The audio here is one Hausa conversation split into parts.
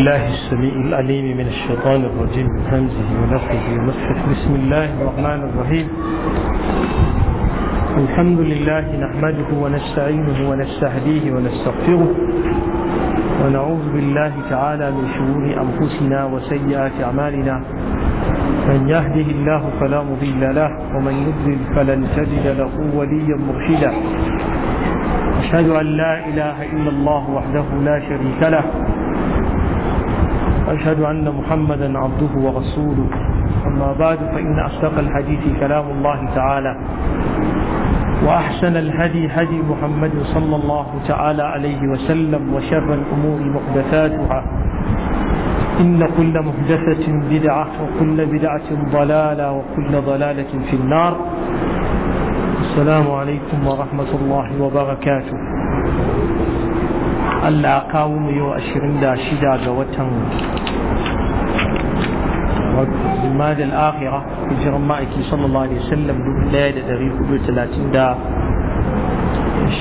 الله السميع العليم من الشيطان الرجيم من همزه ونفخه ونفخه بسم الله الرحمن الرحيم الحمد لله نحمده ونستعينه ونستهديه ونستغفره ونعوذ بالله تعالى من شرور أنفسنا وسيئات أعمالنا من يهده الله فلا مضل له ومن يضلل فلن تجد له وليا مرشدا أشهد أن لا إله إلا الله وحده لا شريك له وأشهد أن محمدا عبده ورسوله أما بعد فإن أصدق الحديث كلام الله تعالى وأحسن الهدي هدي محمد صلى الله تعالى عليه وسلم وشر الأمور محدثاتها إن كل محدثة بدعة وكل بدعة ضلالة وكل ضلالة في النار السلام عليكم ورحمة الله وبركاته Allah ya kawo mu yau shida ga watan Jumada al-Akhira hijiran ma'aiki sallallahu alaihi wasallam 1436 da dari hudu da talatin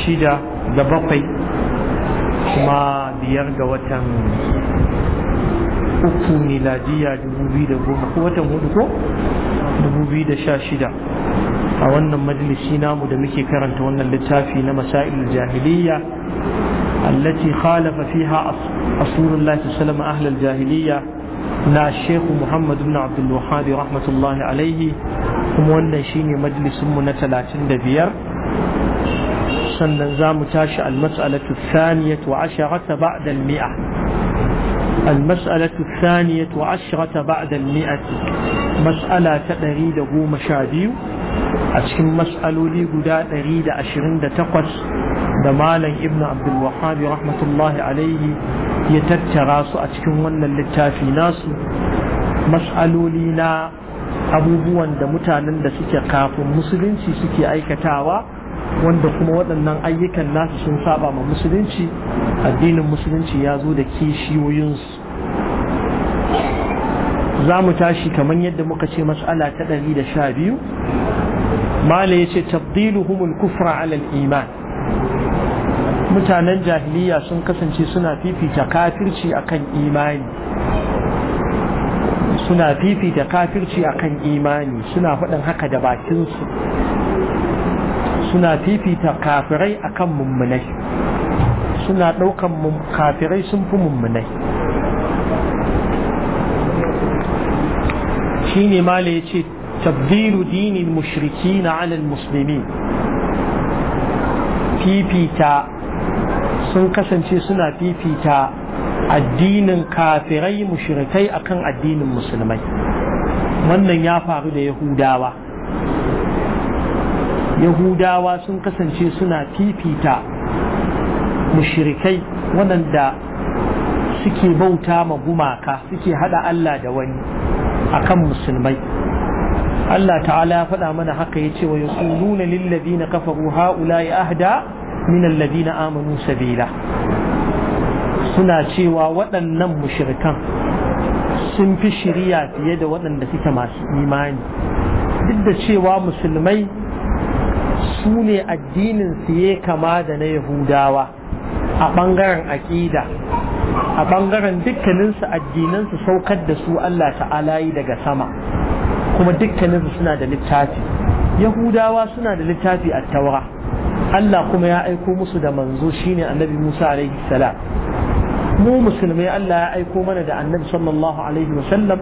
shida ga bakwai kuma biyar ga watan uku miladiya ko watan hudu ko dubu biyu da sha shida. a wannan majalisi namu da muke karanta wannan littafi na masail jahiliya التي خالف فيها رسول الله صلى أهل الجاهلية na shehu muhammad ibn abdul wahabi rahmatullahi alaihi kuma wannan shine majalisinmu na 35 sannan za mu tashi almas'alatu thaniyatu wa asharata ba'da al-mi'a almas'alatu thaniyatu wa asharata ba'da al mas'ala ta a cikin mas'aloli guda 128 da malam ibn abdul wahhabi rahmatullahi alaihi ya tattara su a cikin wannan littafi nasu mas'aloli na abubuwan da mutanen da suke kafin musulunci suke aikatawa wanda kuma waɗannan ayyukan nasu sun saba ma musulunci addinin musulunci ya zo da kishiyoyinsu za mu tashi kamar yadda muka ce mas'ala ta 112 mala ya ce tabdiluhumul kufra alal iman mutanen jahiliya sun kasance suna fifita kafirci akan imani suna fifita kafirci akan imani suna faɗin haka da bakinsu suna fifita kafirai akan mummunai suna ɗaukan kafirai sun fi mummunai shine ne mala ya ce تبديل دين المشركين على المسلمين fifita sun kasance suna fifita addinin kafirai mushrikai akan addinin musulmai wannan ya faru da yahudawa yahudawa sun kasance suna fifita mushrikai waɗanda suke bauta ma gumaka suke hada Allah da wani akan musulmai Allah ta'ala ya faɗa mana haka ya ce wa na kafa ladina kafaru haula'i ahda min na amanu sabila suna cewa waɗannan mushirikan sun fi shiriya fiye da waɗanda suke masu imani duk da cewa musulmai su ne addinin ya kama da na yahudawa a ɓangaren aƙida a ɓangaren dukkaninsu addinansu saukar da su Allah ta'ala yi daga sama kuma dukkaninsu suna da littafi yahudawa suna da littafi a taura Allah kuma ya aiko musu da manzo shine annabi Musa alaihi salam mu musulmai Allah ya aiko mana da annabi sallallahu alaihi wasallam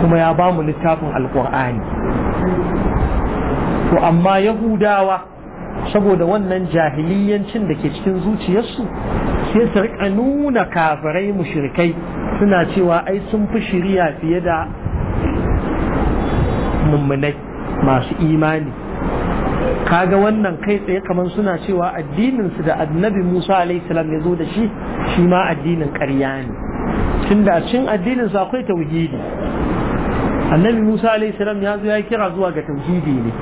kuma ya bamu littafin alqur'ani to amma yahudawa saboda wannan jahiliyancin da ke cikin zuciyarsu sai su rika nuna kafirai mushrikai suna cewa ai sun fi shiriya fiye da mummunai masu imani kaga wannan kai tsaye kamar suna cewa addininsu da annabi musa alaihissalam ya zo da shi shi ma addinin ƙarya ne tun da cin addininsu akwai tauhidi annabi musa alaihissalam ya zo ya kira zuwa ga tauhidi ne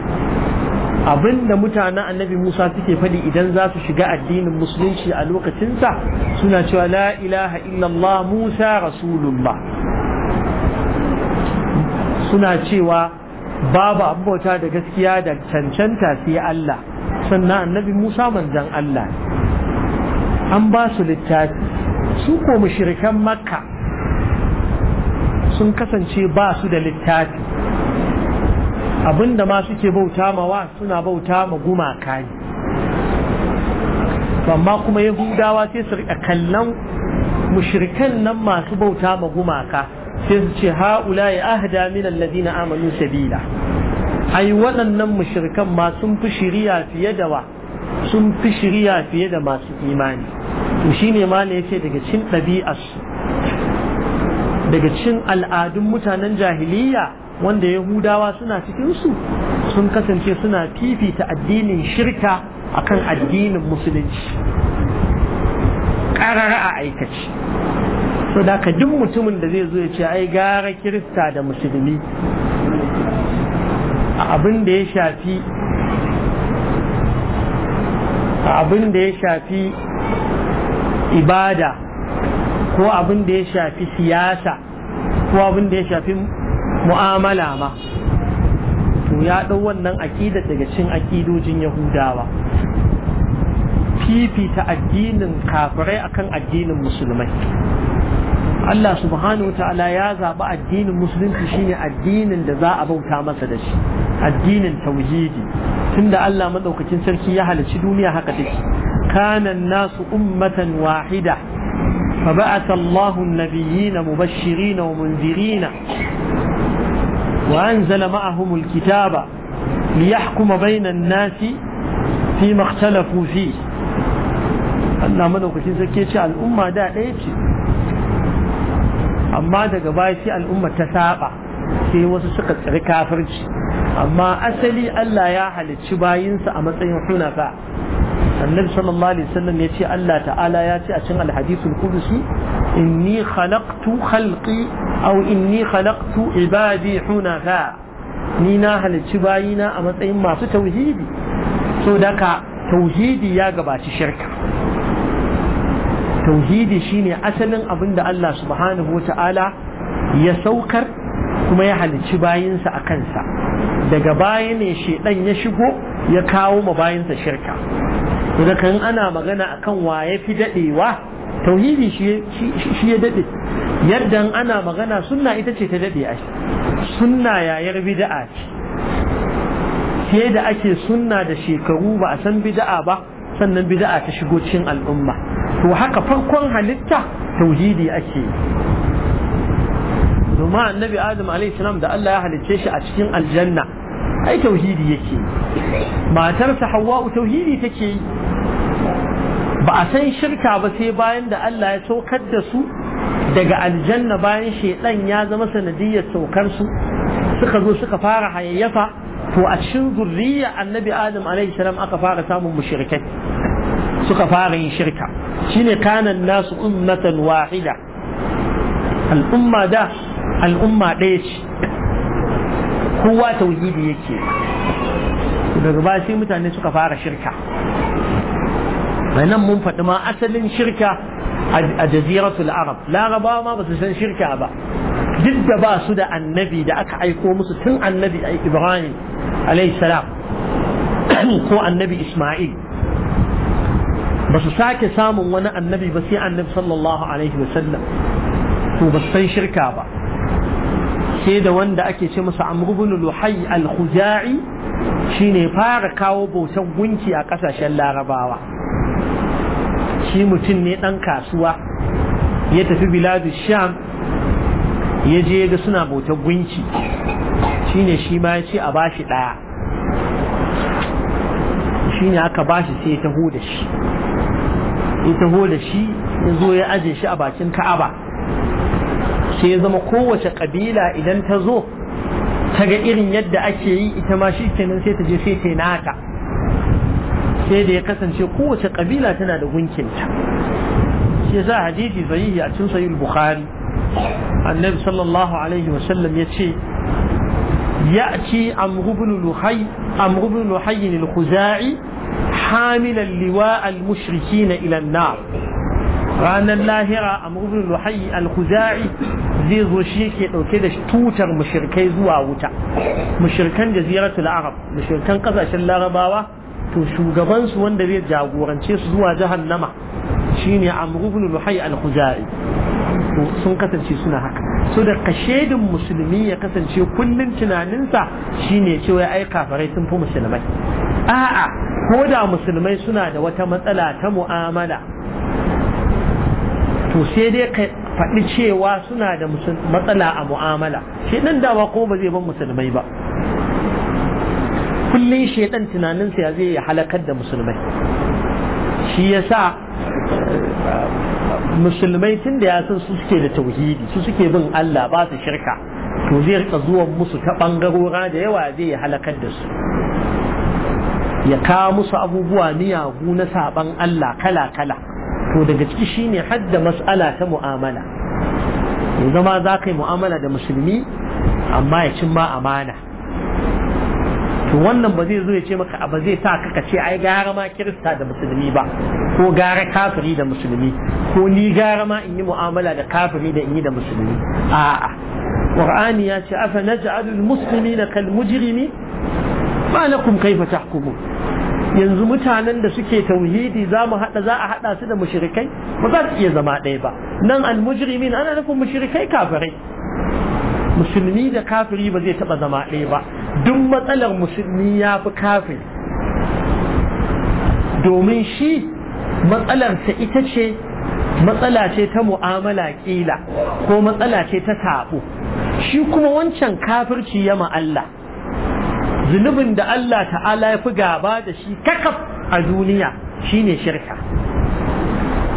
abinda mutanen annabi musa suke faɗi idan za su shiga addinin musulunci a lokacinsa suna cewa la ilaha illallah musa rasulullah suna cewa babu abubuwa bauta da gaskiya da cancanta sai Allah sannan annabi Musa manzan Allah an ba su littafi su ko mushrikan makka sun kasance ba su da littafi abinda ma suke bauta mawa suna bauta ma gumaka ne amma kuma yahudawa sai su riƙa kallon mushrikan nan masu bauta ma gumaka sai su ce ha'ula ya ahda min alladhina amanu sabila ai waɗannan mushrikan ma sun fi shiriya fiye da wa sun fi shiriya fiye da masu imani to shine ma ne yace daga cin ɗabi'arsu daga cin al'adun mutanen jahiliya wanda yahudawa suna cikin su sun kasance suna fifita addinin shirka akan addinin musulunci ƙarara a aikace so da ka duk mutumin da zai zo ya ce ai gara kirista da musulmi abin da ya shafi abin da ya shafi ibada ko abin da ya shafi siyasa ko abin da ya shafi mu'amala ma to ya ɗau wannan aƙida daga cin aƙidojin yahudawa fifita addinin kafirai akan addinin musulmai Allah subhanahu wa ta'ala ya zaɓi addinin musulunci shine addinin da za a bauta masa da shi addinin tauhidi tunda Allah madaukakin sarki ya halarci duniya haka take kana nasu ummatan wahida فبعث الله النبيين مبشرين ومنذرين وأنزل معهم الكتاب ليحكم بين الناس فيما اختلفوا فيه Allah madaukakin sarki ce al'umma da ɗaya ce amma daga baya sai al'umma ta saba sai wasu suka tsari kafirci amma asali Allah ya halicci bayinsa a matsayin hunafa annabi sallallahu alaihi wasallam ya ce Allah ta'ala ya ce a cikin alhadithul qudsi inni khalaqtu khalqi aw inni khalaqtu ibadi hunafa ni na halicci bayina a matsayin masu tauhidi so daka tauhidi ya gabaci shirka tauhidi shine asalin abin da Allah subhanahu wata'ala ya saukar kuma ya halicci bayinsa a kansa daga baya ne shedan ya shigo ya kawo ma bayinsa shirka Daga kan ana magana akan wa ya fi dadewa tauhidi shi ya dade yadda ana magana sunna ita ce ta dade a sunna yayar bid'a ce sai da ake sunna da shekaru ba a san bid'a ba sannan bid'a ta shigo cikin al'umma to haka farkon halitta tauhidi ake domin annabi adam alaihissalam da Allah ya halicce shi a cikin aljanna ai tauhidi yake matarsa hawa'u tauhidi take yi ba a san shirka ba sai bayan da Allah ya saukar da su daga aljanna bayan shaidan ya zama sanadiyyar saukar su suka zo suka fara hayayyafa to a cikin zurriya annabi adam alaihi salam aka fara samun mushrikai suka fara yin shirka shine kanan nasu ummatan wahida al'umma da al'umma ɗaya ce kowa tauhidi yake daga ba sai mutane suka fara shirka nan mun faɗi ma asalin shirka a jaziratul arab larabawa ma ba su san shirka ba duk da ba su da annabi da aka aiko musu tun annabi ibrahim salam ko annabi isma'il ba su sake samun wani annabi ba sai annabi sallallahu alaihi sallam to ba san shirka ba sai da wanda ake ce masa amrubun luhai al-khuzai shine fara kawo bautan gunki a kasashen larabawa shi mutum ne dan kasuwa ya tafi biladu sham ya je ga suna bautar gunki shine shi ma ya ce a bashi daya shine aka bashi sai ya taho da shi ya taho da shi ya zo ya aje shi a bakin ka'aba sai ya zama kowace kabila idan ta zo ta ga irin yadda ake yi ita ma shi kenan sai ta je sai ta yi sai da ya kasance kowace kabila tana da gunkinta shi yasa hadisi sahihi a cikin sahih bukhari annabi sallallahu alaihi wasallam ya ce ya عمرو بن لحي عمرو بن لحي hamilan liwa al-mushriki na ilan ranar lahira a murbin ruhayi zai zo shi ke dauke da tutar mushrikai zuwa wuta mushrikan jaziratul arab mushrikan kasashen larabawa to shugabansu wanda zai jagorance su zuwa jahannama shine amru ibn luhay sun kasance suna haka so da musulmi ya kasance kullum tunaninsa shine cewa ai kafirai sun fi musulmai a'a ko da musulmai suna da wata matsala ta mu'amala to sai dai ka faɗi cewa suna da matsala a mu'amala shi dama ko ba zai ban musulmai ba kullum shedan tunaninsa ya zai halakar da musulmai shi sa musulmai tun da ya san su suke da tauhidi su suke bin Allah ba su shirka to zai rika zuwan musu ta bangarora da yawa zai halakar da su ya kawo musu abubuwa miyagu na saban Allah kala-kala to daga ciki shine hadda mas'ala ta mu'amala ya zama za ka yi mu'amala da musulmi amma ya cin ma amana to wannan ba zai zo ya ce maka ba zai sa ka ce ai gara ma kirista da musulmi ba ko gara kafiri da musulmi ko ni gara ma in yi mu'amala da kafiri da in yi da musulmi a'a qur'ani ya ce afa naj'alul muslimina kal mujrimi ما لكم كيف تحكمون yanzu mutanen da suke tauhidi za mu haɗa za a haɗa su da mushrikai ba za su iya zama ɗaya ba nan almujrimin ana nufin mushrikai kafirai musulmi da kafiri ba zai taɓa zama ɗaya ba duk matsalar musulmi ya fi kafin domin shi matsalarsa ita ce matsala ce ta mu'amala ƙila ko matsala ce ta saɓo shi kuma wancan kafirci ya Allah zunubin da Allah ta'ala ya fi gaba da shi kakaf a duniya ne shirka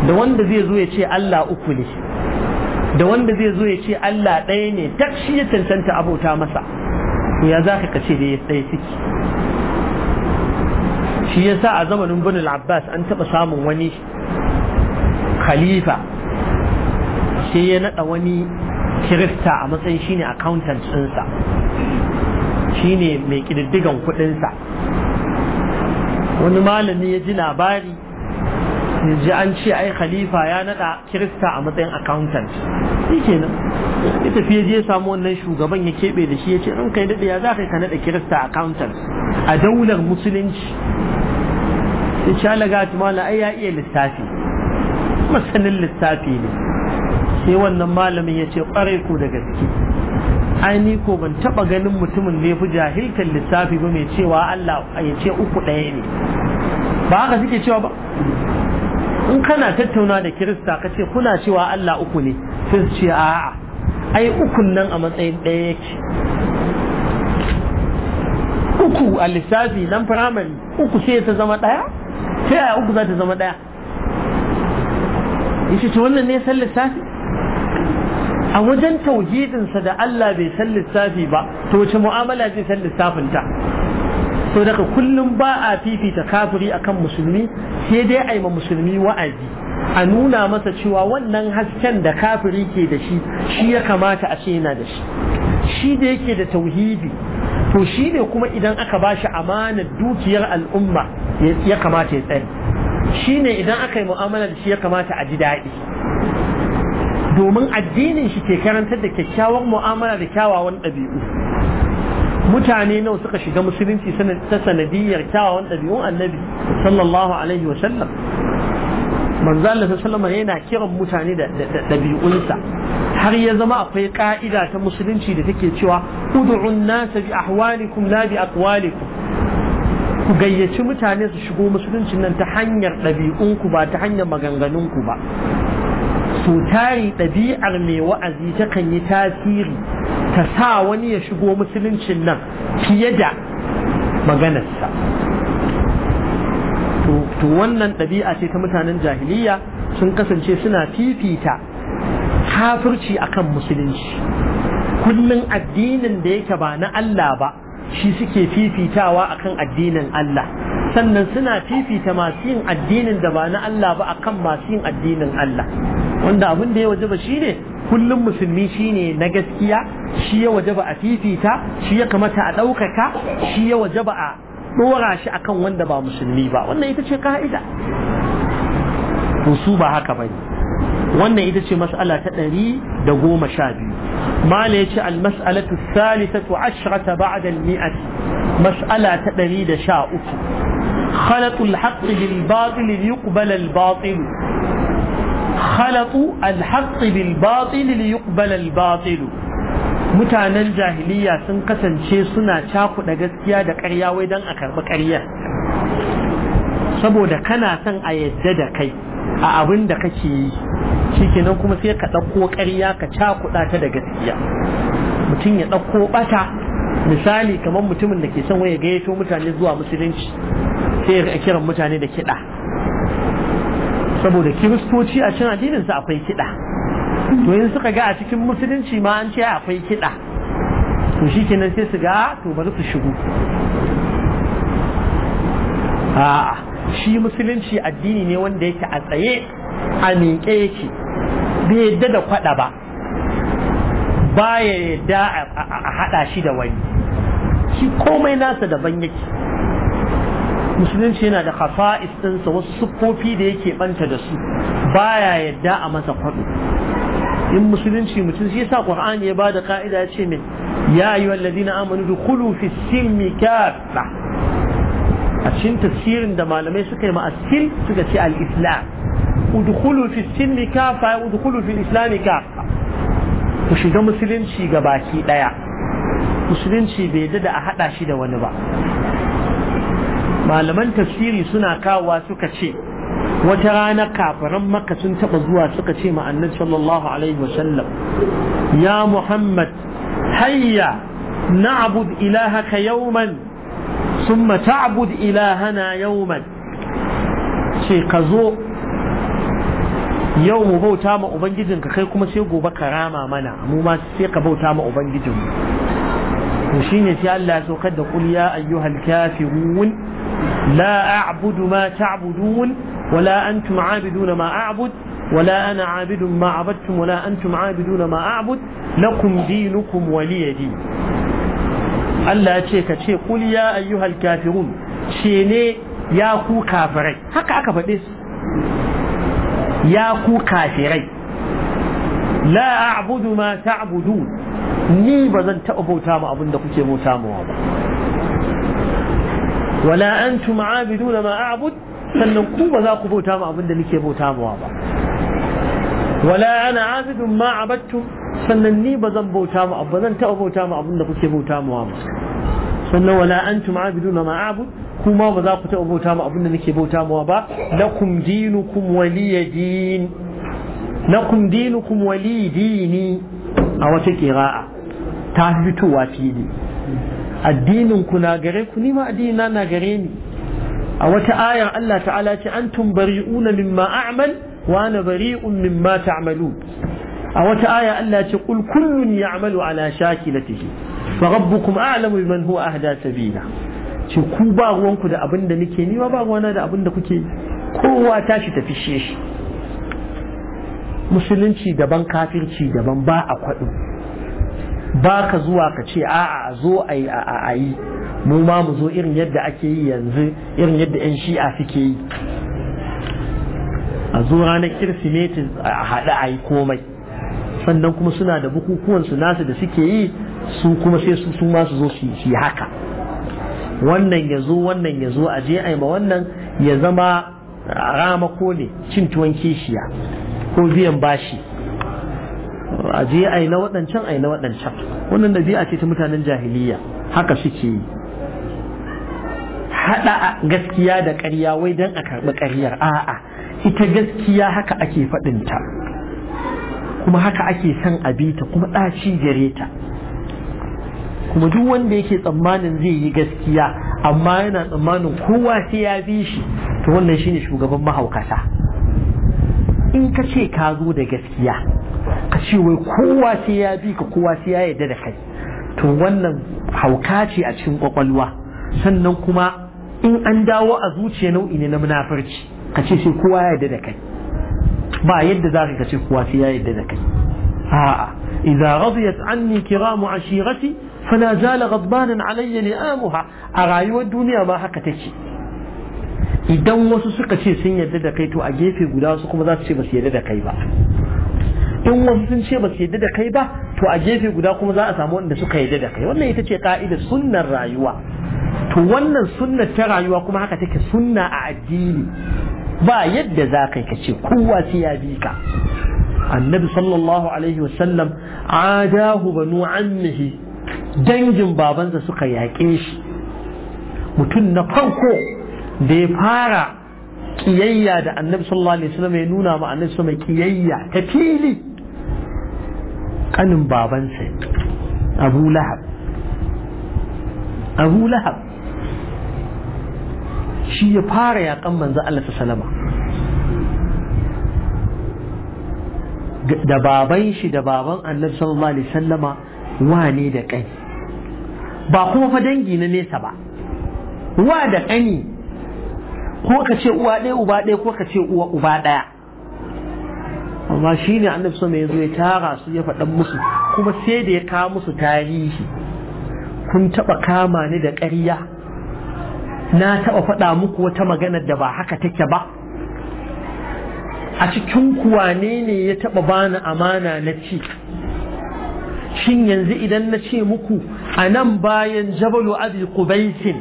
da wanda zai zo ya ce Allah uku ne da wanda zai zo ya ce Allah ɗaya ne duk shi ya cancanta abota masa to ya ka kace da ya tsaye ciki shi yasa a zamanin bin al-Abbas an taɓa samun wani khalifa sai ya naɗa wani kirista a matsayin shine accountant ɗinsa Shi ne mai kididdigan kuɗinsa wani malami ya ji labari ya ji an ce ai khalifa ya nada kirista a matsayin accountant shi kenan ya tafi ya je samu wannan shugaban ya keɓe da shi ya ce in kai daɗe ya za kai ka nada kirista accountant a daular musulunci ya ce alaga tumala ai ya iya lissafi masanin lissafi ne sai wannan malamin ya ce ƙwarai ku da gaske ai ko ban taba ganin mutumin ne fi jahilkan lissafi ba mai cewa Allah ya ce uku ɗaya ne ba haka suke cewa ba in kana tattauna da kirista ka ce kuna cewa Allah uku ne sai ce a'a ai ukun nan a matsayin ɗaya yake uku a lissafi nan firamare uku sai ta zama ɗaya sai a uku za ta zama ɗaya yace to wannan ne san lissafi a wajen tauhidinsa da Allah bai san lissafi ba to wace mu'amala zai san lissafin ta to daga kullum ba a fifita kafiri akan musulmi sai dai a yi ma musulmi wa'azi a nuna masa cewa wannan hasken da kafiri ke da shi shi ya kamata a ce yana da shi shi da yake da tauhidi to shi ne kuma idan aka ba shi amanar dukiyar al'umma ya kamata ya tsare shi ne idan aka yi mu'amala da shi ya kamata a ji daɗi domin addinin shi ke karantar da kyakkyawar mu'amala da kyawawan ɗabi'u mutane nawa suka shiga musulunci ta sanadiyar kyawawan ɗabi'un annabi sallallahu alaihi wa sallam manzo Allah sallallahu yana kiran mutane da ɗabi'unsa har ya zama akwai ka'ida ta musulunci da take cewa ud'un nas bi ahwalikum la bi aqwalikum ku gayyaci mutane su shigo musulunci nan ta hanyar ɗabi'unku ba ta hanyar maganganunku ba to tari ɗabi'ar mai wa'azi takan yi tasiri ta sa wani ya shigo musuluncin nan fiye da maganarsa to wannan ɗabi'a ce ta mutanen jahiliya sun kasance suna fifita kafirci akan musulunci kullum addinin da yake ba na Allah ba shi suke fifitawa akan addinin Allah sannan suna fifita masu yin addinin da ba na Allah ba akan masu yin addinin Allah wanda abin da ya waje ba shine kullum musulmi shine na gaskiya shi ya ba a fifita shi ya kamata a ɗaukaka shi ya waje ba a ɗora shi akan wanda ba musulmi ba wannan ita ce ka'ida to su ba haka bane wannan ita ce mas'ala ta ɗari da goma sha biyu mala ya ce almas'alatu salisatu ashrata ba'da al-mi'ati mas'ala ta ɗari da sha uku خلط الحق بالباطل ليقبل الباطل خلط الحق بالباطل ليقبل الباطل mutanen jahiliya sun kasance suna cakuɗa gaskiya da ƙarya wai don a karɓi ƙarya saboda kana son a yadda da kai a abin da kake yi shikenan kuma sai ka ɗauko ƙarya ka cakuɗa ta da gaskiya mutum ya ɗauko ɓata misali kamar mutumin da ke son waya gayyato mutane zuwa musulunci sai ya kiran mutane da kiɗa saboda kiristoci a cin addininsu akwai kiɗa to in suka ga a cikin musulunci ma an ce akwai kiɗa to shi kenan sai su ga ah, to bari su shigo a'a shi musulunci addini ne wanda yake a tsaye a miƙe yake bai yadda da kwaɗa ba ba ya yadda a haɗa shi da wani shi komai nasa daban yake musulunci yana da kafa istinsa wasu siffofi da yake banta da su baya yadda a masa kwaɗo in musulunci mutum shi yasa ƙur'ani ya ba da ka'ida ya ce min ya na amanu dukhulu Kulu silmi kaffa a cikin tafsirin da malamai suka yi ma suka ce al-islam udkhulu fi sinni kafa udkhulu fi kafa ku shiga musulunci ga baki daya musulunci bai dada a hada shi da wani ba malaman tafsiri suna kawowa suka ce wata rana kafaran maka sun taba zuwa suka ce ma annabi sallallahu alaihi sallam. ya muhammad hayya na'bud ilahaka yawman summa ta'bud ilahana yawman ce ka zo yau mu bauta ma ubangijinka kai kuma sai gobe ka rama mana mu ma sai ka bauta ma ubangijinmu to shine sai Allah ya saukar da qul ya ayyuhal kafirun la a'budu ma ta'budun wala antum a'biduna ma a'bud ولا أنا عابد ما عبدتم ولا أنتم عابدون ما abud لكم دينكم ولي Allah ya ce ka ce kul ya ayyuhal kafirun ce ne ya ku kafirai haka aka faɗe su ya ku kafirai la a'budu ma ta'budun ni ba zan taɓa bauta mu abin da kuke bauta ma ba wala antum a'biduna ma a'bud sannan ku ba za ku bauta mu abin da nake bauta ma ba wala ana a'bidun ma abattum sannan ni ba zan bauta mu ba zan taɓa bauta mu abin da kuke bauta mu ba sannan wala antum abiduna ma abud kuma ba za ku taɓa bauta mu abin da nake bauta mu ba lakum dinukum waliya din lakum dinukum wali dini a wata kira'a ta fitowa fili addinin ku na gare ku ni ma addinina na gare ni a wata ayar Allah ta'ala ce an antum bari'una mimma a'mal wa ana bari'un mimma ta'malun a wata aya Allah ce kul kullun ya'malu ala shakilatihi fa rabbukum a'lamu biman huwa ahda sabila ce ku ba ruwanku da abin da nake ni ba ruwana da abin da kuke kowa tashi tafi shi musulunci daban kafirci daban ba a kwaɗo ba ka zuwa ka ce a'a a zo a yi a yi mu ma mu zo irin yadda ake yi yanzu irin yadda 'yan shi'a suke yi a zo ranar kirsimeti a ayi a yi komai sannan kuma suna da bukukuwan su nasu da suke yi su kuma sai su su ma su zo su yi haka wannan ya zo wannan ya zo a je a ma wannan ya zama rama ko ne cin tuwon kishiya ko biyan bashi a je a na waɗancan a na waɗancan wannan da ɗabi'a ce ta mutanen jahiliya haka suke yi haɗa gaskiya da ƙarya wai don a karɓi ƙaryar a'a ita gaskiya haka ake faɗinta kuma haka ake san a bi ta kuma ɗaci gare ta kuma duk wanda yake tsammanin zai yi gaskiya amma yana tsammanin kowa sai ya bi shi to wannan shine shugaban mahaukata in ka ce ka zo da gaskiya ka ce wai kowa sai ya bi ka kowa sai ya yarda da kai to wannan hauka ce a cikin kwakwalwa sannan kuma in an dawo a zuciya nau'i ne na munafarci ka ce sai kowa ya yarda da kai ba yadda za ka ce kuwa sai ya yadda da kai a'a idza radiyat anni kiramu ashirati fala zala ghadbanan alayya li'amuha a rayuwar duniya ma haka take idan wasu suka ce sun yadda da kai to a gefe guda wasu kuma za su ce ba su yadda da kai ba in wasu sun ce ba su yadda da kai ba to a gefe guda kuma za a samu wanda suka yadda da kai wannan ita ce ka'idar sunnar rayuwa to wannan sunnar ta rayuwa kuma haka take sunna a addini ba yadda za kai ka ce kowa sai ya bi ka annabi sallallahu alaihi wasallam adahu banu ammihi dangin babansa suka yaƙe shi mutum na farko da ya fara kiyayya da annabi sallallahu alaihi wasallam ya nuna ma annabi mai kiyayya ta fili kanin babansa abu lahab abu lahab shi ya fara yaƙan manzo Allah ta salama da baban shi da baban annabi sallallahu alaihi sallama wane da kai ba kuma fa dangi na nesa ba wa da kani ko ka ce uwa ɗaya uba ɗaya ko ka ce uwa uba ɗaya amma shi ne annabi sama ya zo ya tara su ya faɗa musu kuma sai da ya kawo musu tarihi kun taɓa kama ni da ƙarya na taɓa faɗa muku wata magana da ba haka take ba a cikin kuwa ne ya taɓa bani amana na ci shin yanzu idan na ce muku a nan bayan jabalu abi kubaisin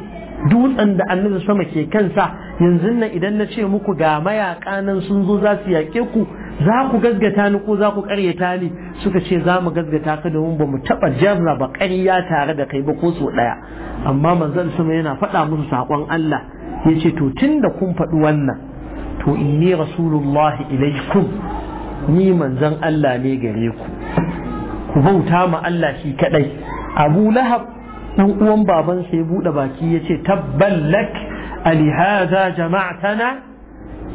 dutsen da annabi sama ke kansa yanzu nan idan na ce muku ga mayaka nan sun zo za su yaƙe ku za ku gaggata ni ko za ku karyata ni suka ce za mu gaggata ka domin ba mu taɓa jarra ba ƙarya tare da kai ba ko so ɗaya amma manzon sama yana faɗa musu saƙon Allah ya ce to tun da kun faɗi wannan to inni rasulullahi ilaikum ni manzon Allah ne gare ku ku bauta ma Allah shi kaɗai Abu Lahab dan uwan babansa ya buɗe baki ya ce tabballak alihaza jama'atana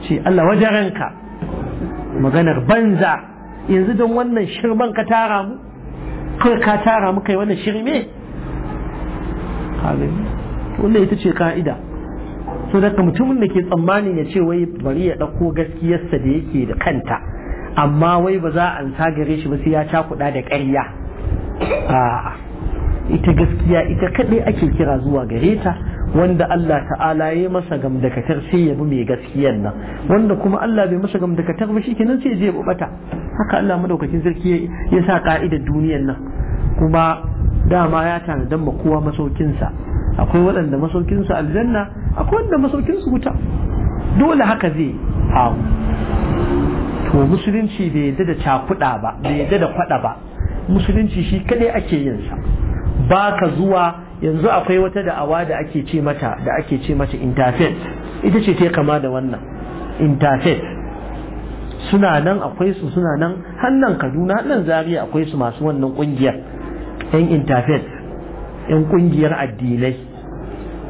ce Allah wajaranka maganar banza yanzu don wannan shirman ka tara mu kawai ka tara mu kai wannan shirme wannan ita ce ka'ida so daga mutumin da ke tsammanin ya ce wai bari ya ɗauko gaskiyarsa da yake da kanta amma wai ba za a ansa gare shi ba sai ya cakuɗa da ƙarya ita gaskiya ita kaɗai ake kira zuwa gare ta wanda Allah ta'ala ya masa gamdakatar sai ya bi mai gaskiyar nan wanda kuma Allah bai masa gamdakatar ba shikenan sai zai bubata haka Allah madaukakin sarki ya sa ka'idar duniyar nan kuma dama ya tanadan ma kowa sa. akwai waɗanda masaukinsu aljanna akwai waɗanda su wuta dole haka zai ha to musulunci bai yadda da cakuɗa ba bai yadda da kwaɗa ba musulunci shi kaɗai ake yin sa ba ka zuwa yanzu akwai wata da'awa da ake ce mata da ake ce mata interfaith ita ce ta kama da wannan interfaith suna nan akwai su suna nan hannan kaduna nan Zariya akwai su masu wannan kungiyar yan interfaith yan kungiyar addinai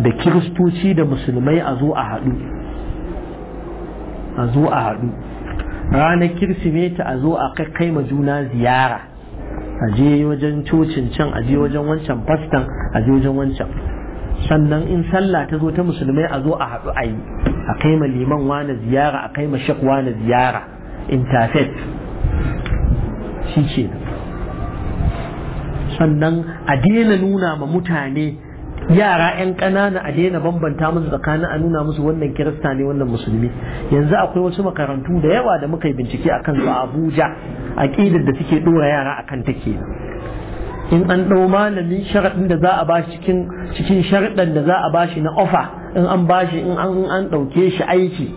da kiristoci da musulmai a zo a haɗu a zo a haɗu ranar kirsimeti a zo a kai ma juna ziyara a je wajen cocin can a je wajen wancan fastan a je wajen wancan sannan in sallah ta zo ta musulmai a zo a haɗu a yi a kai ma liman wani ziyara a kai ma shek wani ziyara intafet shi ce sannan a daina nuna ma mutane yara 'yan ƙanana a daina bambanta musu tsakanin a nuna musu wannan kirista ne wannan musulmi yanzu akwai wasu makarantu da yawa da muka yi bincike a kan a abuja a aƙidar da suke ɗora yara a kan take in an ɗau malamin sharaɗin da za a ba shi cikin sharaɗin da za a ba shi na ofa in an ba shi in an ɗauke shi aiki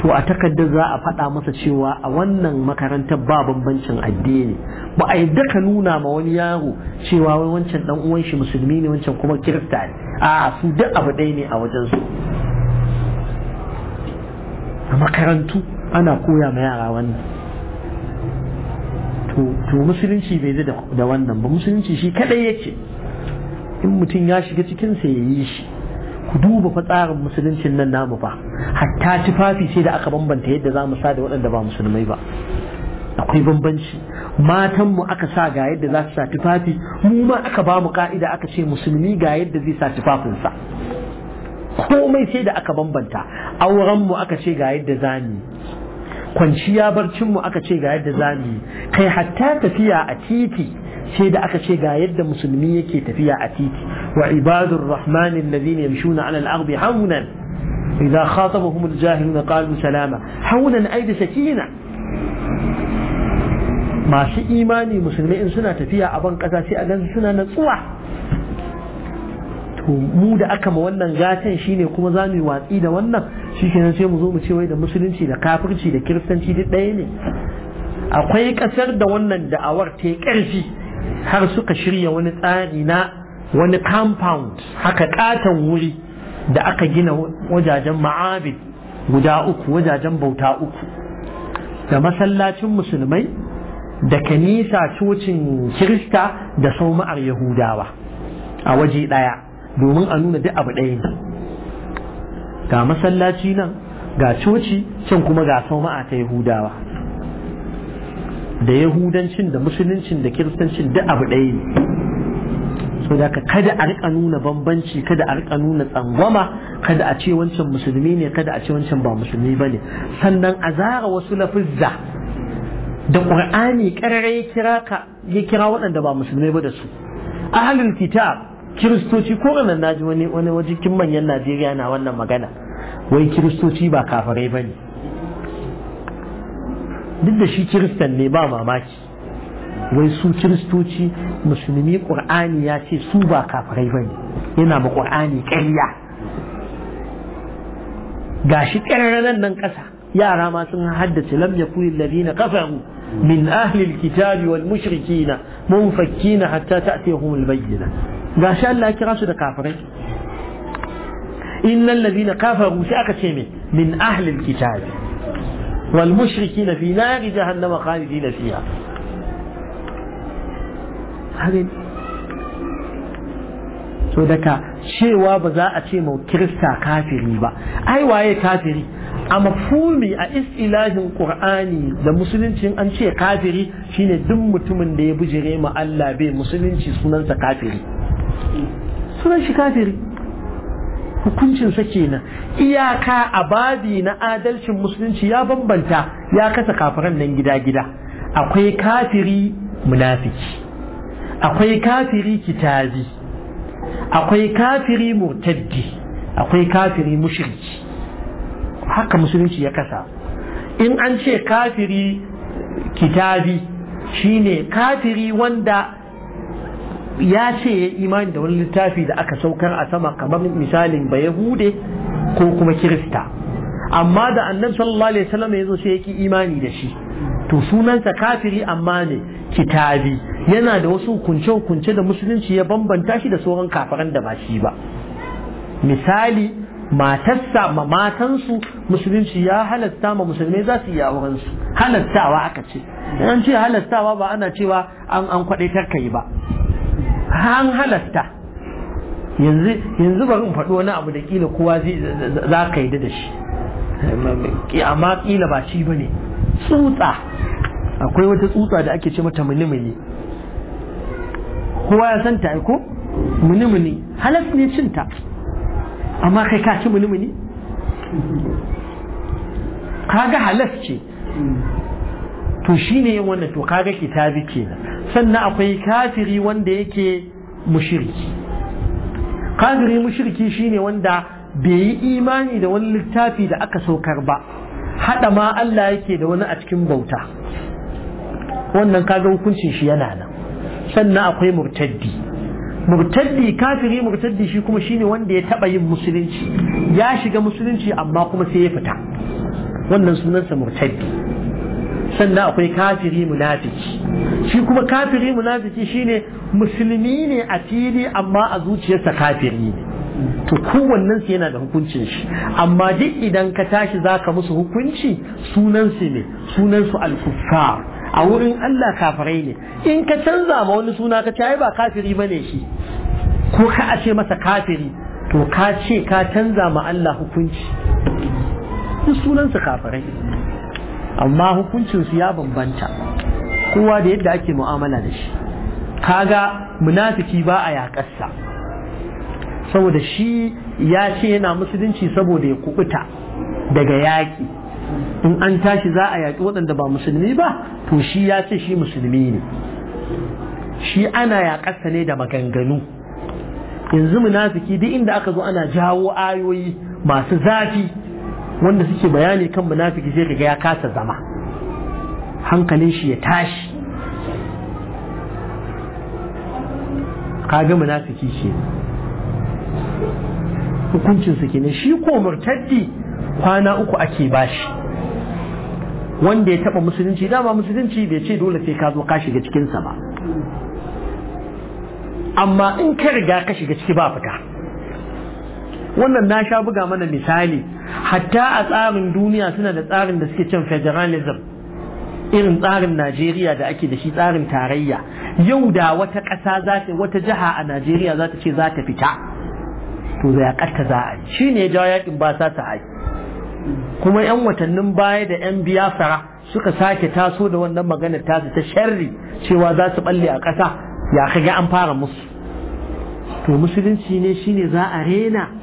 to a takardar za a faɗa masa cewa a wannan makarantar ba bambancin addini ba a yadda ka nuna ma wani yaro cewa wai wancan dan uwan shi musulmi ne wancan kuma kirista ne a su duk abu ɗaya ne a wajen su a makarantu ana koya ma yara wannan to musulunci bai da wannan ba musulunci shi kadai yake in mutum ya shiga cikin ya yi shi ku duba fa tsarin musuluncin nan namu fa hatta tufafi sai da aka bambanta yadda za mu sa da waɗanda ba musulmai ba akwai bambanci matanmu aka sa ga yadda za su sa tufafi mu ma aka ba mu ka'ida aka ce musulmi ga yadda zai sa tufafinsa komai sai da aka bambanta aurenmu aka ce ga yadda zani kwanciya barcinmu aka ce ga yadda zani kai hatta tafiya a titi sai da aka ce ga yadda musulmi yake tafiya a titi wa ibadur rahmanin allazina yamshuna ala al-ardi hawnan idza khatabahum al-jahilun qalu salama hawnan ay da sakina masu imani musulmi in suna tafiya a ban kasa sai a gansu suna natsuwa to mu da aka ma wannan gatan shine kuma za mu yi watsi da wannan shikenan sai mu zo mu ce wai da musulunci da kafirci da kiristanci duk ɗaya ne akwai ƙasar da wannan da'awar ta yi ƙarfi har suka shirya wani tsari na wani compound haka katon wuri da aka gina wajajen ma'abid guda uku wajajen bauta uku da masallacin musulmai da kanisa cocin kirista da sauma'ar yahudawa a waje ɗaya domin a nuna duk abu ɗaya ga masallaci nan ga coci can kuma ga sauma'a ta yahudawa da yahudancin da musuluncin da kiristancin da abu ɗaya ne so da ka kada a rika nuna bambanci kada a rika nuna tsangwama kada a ce wancan musulmi ne kada a ce wancan ba musulmi ba sannan a zara wasu lafizza da ƙur'ani ƙarare ya kira ka ya kira waɗanda ba musulmi ba da su ahlul kitab kiristoci ko nan naji wani wani wajen manyan Najeriya na wannan magana wai kiristoci ba kafirai ba ne duk da shi kiristan ne ba mamaki wai su kiristoci musulmi ƙur'ani ya ce su ba kafirai ba ne yana ma ƙur'ani ƙarya ga shi ƙararren nan ƙasa yara ma sun haddace lam yakun alladhina kafaru min ahlil kitabi wal mushrikina munfakkina hatta ta'tiyahum albayyina ga shi Allah kira su da kafirai innal ladhina kafaru sai aka ce min min ahlil kitabi. والمشركين في نار جهنم خالدين فيها هذه so daga cewa ba za a ce mau kirista kafiri ba ai waye kafiri a mafumi a istilahin qur'ani da musuluncin an ce kafiri shine duk mutumin da ya bujire ma Allah bai musulunci sunansa kafiri sunan shi kafiri Hukuncin sa kenan iyaka a babi na adalcin musulunci ya bambanta ya kasa kafiran nan gida-gida akwai kafiri munafiki akwai kafiri kitabi akwai kafiri murtaddi akwai kafiri mushriki haka musulunci ya kasa in an ce kafiri kitabi shine kafiri wanda ya ce ya imani da wani littafi da aka saukar a sama kamar misalin ba yahude ko kuma kirista amma da annabi sallallahu alaihi wasallam ya zo sai yake imani da shi to sunansa kafiri amma ne kitabi yana da wasu hukunce hukunce da musulunci ya bambanta shi da sauran kafaran da ba shi ba misali matarsa ma matansu musulunci ya halatta ma musulmai za su yi aurensu halattawa aka ce an ce halattawa ba ana cewa an an kwaɗaitar kai ba an halatta yanzu yanzu bari in faɗi wani abu da kila kowa za ka yi da shi amma kila ba shi bane tsutsa akwai wata tsutsa da ake ce mata mulimuli kowa ya san ta ko mulimuli halas ne cin ta amma kai ka ci mulimuli kaga halas ce to ne yin wannan to kaga kitabi kenan sannan akwai kafiri wanda yake mushriki kafiri mushriki ne wanda bai yi imani da wani littafi da aka saukar ba hada ma Allah yake da wani a cikin bauta wannan kaga hukuncin shi yana nan sannan akwai murtaddi murtaddi kafiri murtaddi shi kuma shine wanda ya taba yin musulunci ya shiga musulunci amma kuma sai ya fita wannan sunansa murtaddi sannan akwai kafiri munafiki shi kuma kafiri munafiki shine musulmi ne a fili amma a zuciyarsa kafiri ne to kowannen su yana da hukuncin shi amma duk idan ka tashi zaka musu hukunci sunan su ne sunan su al-kuffar a wurin Allah kafirai ne in ka canza ma wani suna ka ce ai ba kafiri bane shi ko ka a masa kafiri to ka ce ka canza ma Allah hukunci sunansa kafirai amma hukuncin su ya bambanta kowa da yadda ake mu'amala da shi kaga munafiki ba a yakarsa saboda shi ya ce yana musulunci saboda ya kubuta daga yaƙi in an tashi za a yaƙi waɗanda ba musulmi ba to shi ya ce shi musulmi ne shi ana yaƙarsa ne da maganganu yanzu munafiki duk inda aka zo ana jawo ayoyi masu zafi wanda suke bayani kan munafiki sai kaga ya kasa zama hankalin shi ya tashi kaga munafiki ke hukuncin su kenan shi ko murtaddi kwana uku ake bashi wanda ya taba musulunci dama musulunci bai ce dole sai ka zo ka shiga cikinsa ba amma in ka riga ka shiga ciki ba fita wannan na sha buga mana misali hatta a tsarin duniya suna da tsarin da suke cin federalism irin tsarin najeriya da ake da shi tsarin tarayya yau da wata ƙasa za ta wata jiha a najeriya za ta ce za ta fita to zai ƙarta za a shi ne jawo yakin ba sa ta ai kuma yan watannin baya da yan biyafara suka sake taso da wannan magana tasu ta sharri cewa za su balle a ƙasa ya kaga an fara musu to musulunci ne shine za a rena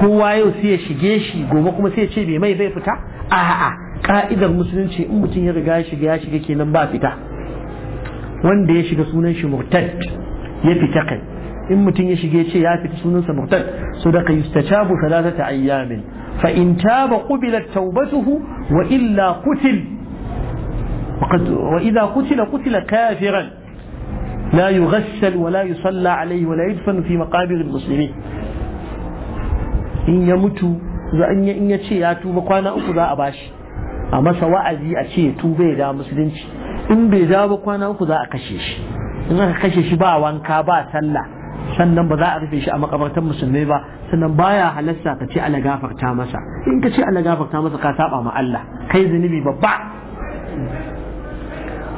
kowa yau sai ya shige shi gobe kuma sai ya ce bai mai zai fita a'a ka'idar musulunci in mutum ya riga ya shiga ya shiga kenan ba fita wanda ya shiga sunan shi murtad ya fita kai in mutum ya shige ce ya fita sunan sa murtad so da kai yustajabu salatata ayyamin fa in taba qubilat tawbatuhu wa illa qutil wa idha qutila qutila kafiran la yughassal لا يغسل ولا يصلى عليه ولا يدفن في مقابر المسلمين in ya mutu in ya ce ya tuba kwana uku za a bashi a masa wa'azi a ce ya tuba ya dawo musulunci in bai dawo kwana uku za a kashe shi in aka kashe shi ba wanka ba sallah sannan ba za a rufe shi a makabartar musulmai ba sannan baya halarta ka ce ala gafarta masa in ka ce ala gafarta masa ka saba ma Allah kai zunubi babba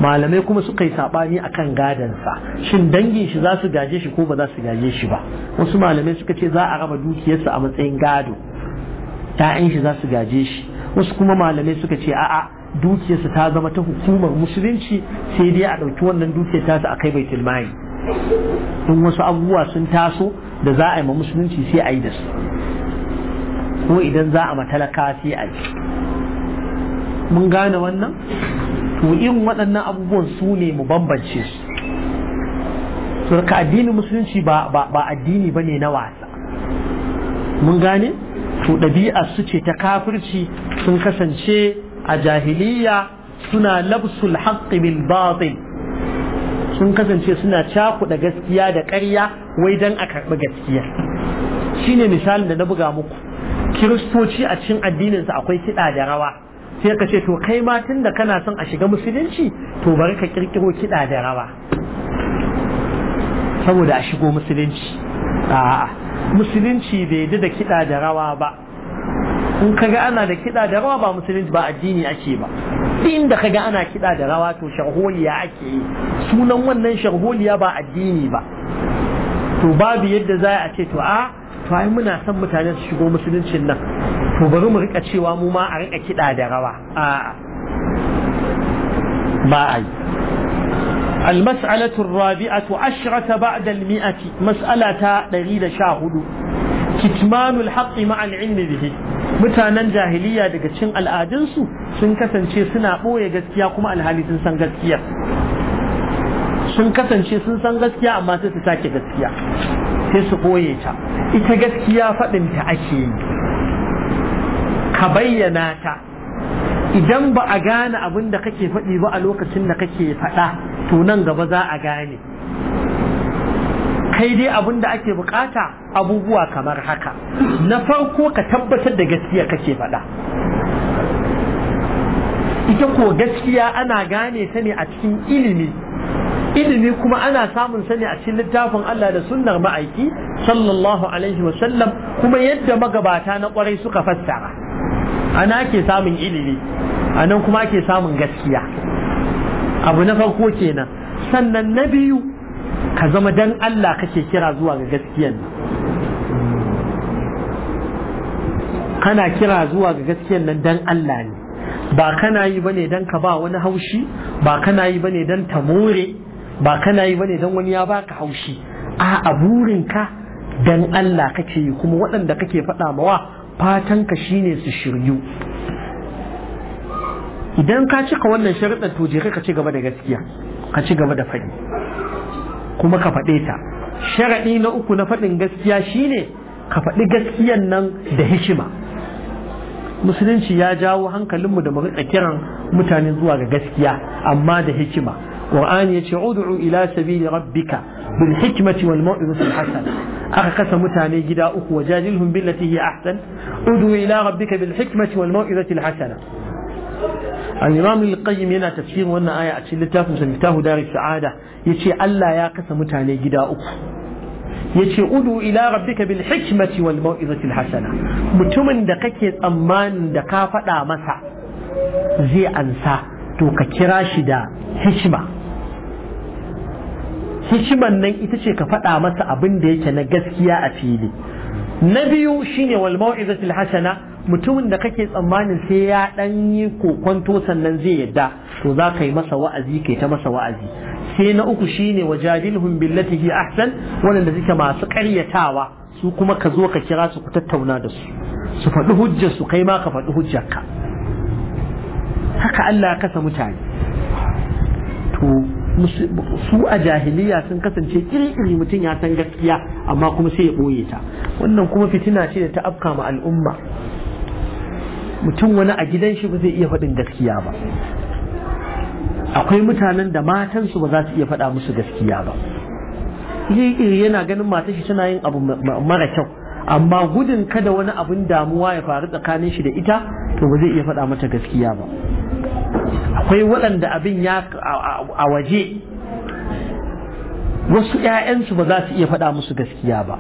malamai kuma suka yi sabani akan gadansa shin dangin shi za su gaje shi ko ba za su gaje shi ba wasu malamai suka ce za a raba dukiyarsa a matsayin gado ta'yan shi za su gaje shi wasu kuma malamai suka ce a'a dukiyarsa ta zama ta hukumar musulunci sai dai a ɗauki wannan dukiyar tasa a kai baitul in wasu abubuwa sun taso da za a yi ma musulunci sai a yi da su ko idan za a matalaka sai a yi mun gane wannan to in waɗannan abubuwan su ne mu bambance su to addinin musulunci ba ba addini bane na wasa mun gane to ɗabi'a su ce ta kafirci sun kasance a jahiliya suna labsul haqqi bil batil sun kasance suna cakuɗa gaskiya da ƙarya wai don a karɓi gaskiya shine misalin da na buga muku kiristoci a cikin addininsu akwai kiɗa da rawa sai ka ce to kai ma tun da kana son a shiga musulunci to bari ka kirkiro kiɗa da rawa saboda a shigo musulunci a'a musulunci bai yadda da kiɗa da rawa ba in kaga ana da kiɗa da rawa ba musulunci ba addini ake ba din da kaga ana kiɗa da rawa to sharholiya ake yi sunan wannan sharholiya ba addini ba to babu yadda za a ce to a to ai muna son mutane su shigo musuluncin nan to bari mu rika cewa mu ma a rika kiɗa da rawa a ba a yi المسألة الرابعة عشرة بعد المئة مسألة دليل شاهد كتمان الحق مع العلم به mutanen jahiliya daga cin al'adunsu sun kasance suna ɓoye gaskiya kuma alhali sun san gaskiya sun kasance sun san gaskiya amma sai sa gaskiya sai su ɓoye ta ita gaskiya faɗinta ake yi ka bayyana ta idan ba a gane abin da kake faɗi ba a lokacin da kake faɗa to nan gaba za a gane kai dai abin da ake bukata abubuwa kamar haka na farko ka tabbatar da gaskiya kake faɗa ita ko gaskiya ana gane ta ne a cikin ilimi ilimi kuma ana samun sani a cikin littafin Allah da sunnar ma'aiki sallallahu alaihi wasallam kuma yadda magabata na kwarai suka fassara ana ake samun ilimi a nan kuma ake samun gaskiya abu na farko kenan sannan na biyu ka zama dan Allah kake kira zuwa ga gaskiyan nan kana kira zuwa ga gaskiyan nan dan Allah ne ba kana yi bane dan ka ba wani haushi ba kana yi bane dan ta more ba kana yi bane dan wani ya baka haushi a burinka dan Allah kake yi kuma waɗanda kake faɗa mawa fatanka shine su shiryu idan ka cika wannan sharuɗar to je ka ci gaba da gaskiya ka ci gaba da faɗi kuma ka faɗe ta sharaɗi na uku na faɗin gaskiya shine ka faɗi gaskiyan nan da hikima musulunci ya jawo hankalinmu da muka kiran mutane zuwa ga gaskiya amma da hikima ƙur'ani ya ce ud'u ila sabili rabbika bil hikmati wal mau'izati hasana aka kasa mutane gida uku wa jadilhum billati hi ahsan udu ila rabbika bil hikmati wal mau'izati al hasana al-imam al-qayyim yana tafsirin wannan aya a cikin littafin sa mitahu dar sa'ada yace Allah ya kasa mutane gida uku yace udu ila rabbika bil hikmati wal mau'izati al hasana mutumin da kake tsammanin da ka faɗa masa zai ansa to ka kira shi da hikma hikiman nan ita ce ka faɗa masa abin da yake na gaskiya a fili na biyu shine wal mau'izatil hasana mutumin da kake tsammanin sai ya dan yi kokonto sannan zai yadda to za ka yi masa wa'azi kai ta masa wa'azi sai na uku shine wajadilhum billati hi ahsan wanda suke masu ƙaryatawa su kuma ka zo ka kira su ku tattauna da su su faɗi hujjar su kai ma ka faɗi hujjarka haka Allah ya kasa mutane to su a jahiliya sun kasance iri-iri mutum ya san gaskiya amma kuma sai ya ɓoye ta wannan kuma fitina ce da ta afka ma al'umma mutum wani a gidan shi ba zai iya faɗin gaskiya ba akwai mutanen da matansu ba za su iya faɗa musu gaskiya ba iri kiri yana ganin matan shi tana yin abu mara kyau amma gudun kada wani abin damuwa ya faru tsakanin shi da ita to ba zai iya faɗa mata gaskiya ba akwai waɗanda abin ya a waje wasu 'ya'yansu ba za su iya faɗa musu gaskiya ba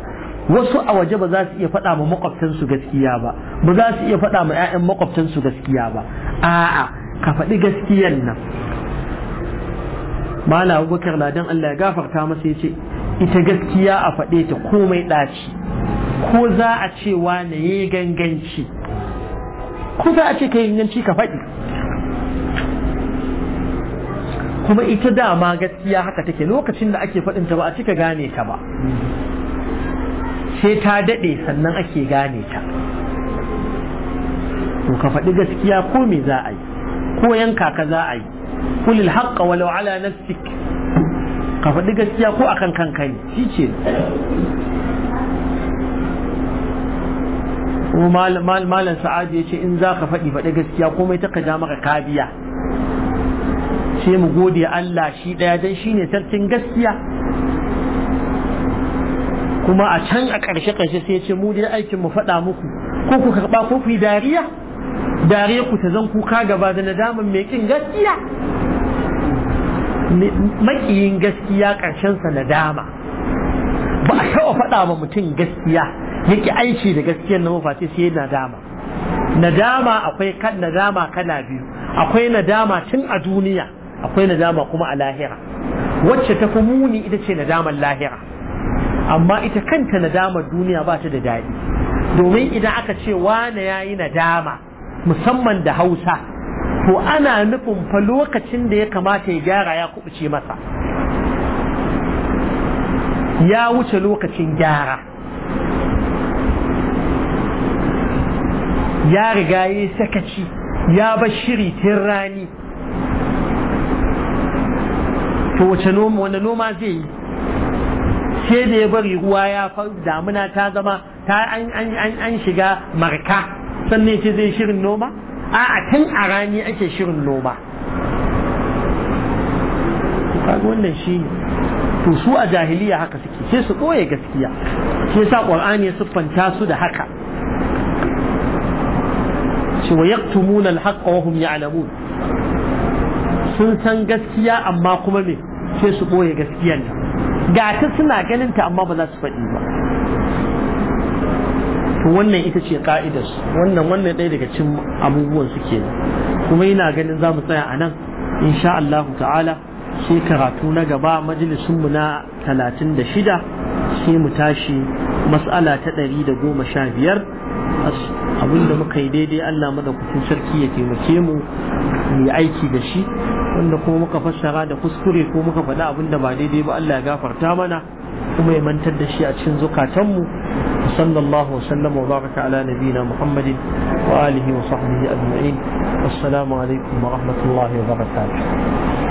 wasu a waje ba za su iya faɗa ma makwabtansu gaskiya ba ba za su iya faɗa ma 'ya'yan makwabtansu gaskiya ba a'a ka faɗi gaskiyan nan mala abubakar don Allah ya gafarta masa ya ce ita gaskiya a faɗe ta komai ɗaci ko za a ce ya yi ganganci ko za a ce ka yi ganganci ka faɗi kuma ita dama gaskiya haka take lokacin da ake faɗin ta ba a cika gane ta ba sai ta daɗe sannan ake gane ta to ka faɗi gaskiya ko me za a yi ko yanka ka za a yi kulil haqqa walau ala nafsik ka faɗi gaskiya ko akan kanka ne shi ce malam sa'adu ya ce in za ka faɗi faɗi gaskiya komai ta ka ja maka kabiya sai mu gode Allah shi ɗaya don shi ne sarkin gaskiya kuma a can a ƙarshe ƙarshe sai ce mu dai aikin mu faɗa muku ko ku karɓa ko ku yi dariya dariya ku ta zan kuka gaba da nadamin mai kin gaskiya maƙiyin gaskiya ƙarshensa nadama ba a taɓa faɗa ma mutum gaskiya yake aiki da gaskiyar na mafaci sai nadama nadama akwai kan nadama kana biyu akwai nadama tun a duniya akwai nadama kuma a lahira wacce ta fi muni ita ce nadamar lahira amma ita kanta nadamar duniya ba ta da daɗi domin idan aka ce wane ya yi nadama musamman da hausa to ana nufin fa lokacin da ya kamata ya gyara ya kubuce masa ya wuce lokacin gyara ya riga ya sakaci ya bar shiri tun rani to wace noma noma zai yi sai da ya bari ruwa ya damuna ta zama ta an shiga marka sannan ce zai shirin noma a tun a rani ake shirin noma kaga wannan shi to su a jahiliya haka suke sai su ɓoye gaskiya Sai sa ƙwar'ani ya siffanta su da haka ce wa yaktumuna al wa hum sun san gaskiya amma kuma me sai su ɓoye gaskiyar nan ga ta suna ganinta amma ba za su faɗi ba to wannan ita ce ka'idarsu wannan wannan ɗaya daga cin abubuwan suke ke kuma ina ganin za mu tsaya a nan insha Allah ta'ala sai karatu na gaba majalisunmu na talatin da shida sai mu tashi mas'ala ta ɗari da goma sha biyar abinda muka yi daidai Allah madaukakin sarki ya taimake mu mu aiki da shi wanda kuma muka fassara da kuskure ko muka faɗa abinda ba daidai ba Allah ya gafarta mana kuma ya mantar da shi a cikin zukatanmu sallallahu wasallam wa baraka ala nabiyina muhammadin wa alihi wa sahbihi ajma'in assalamu alaikum wa rahmatullahi wa barakatuh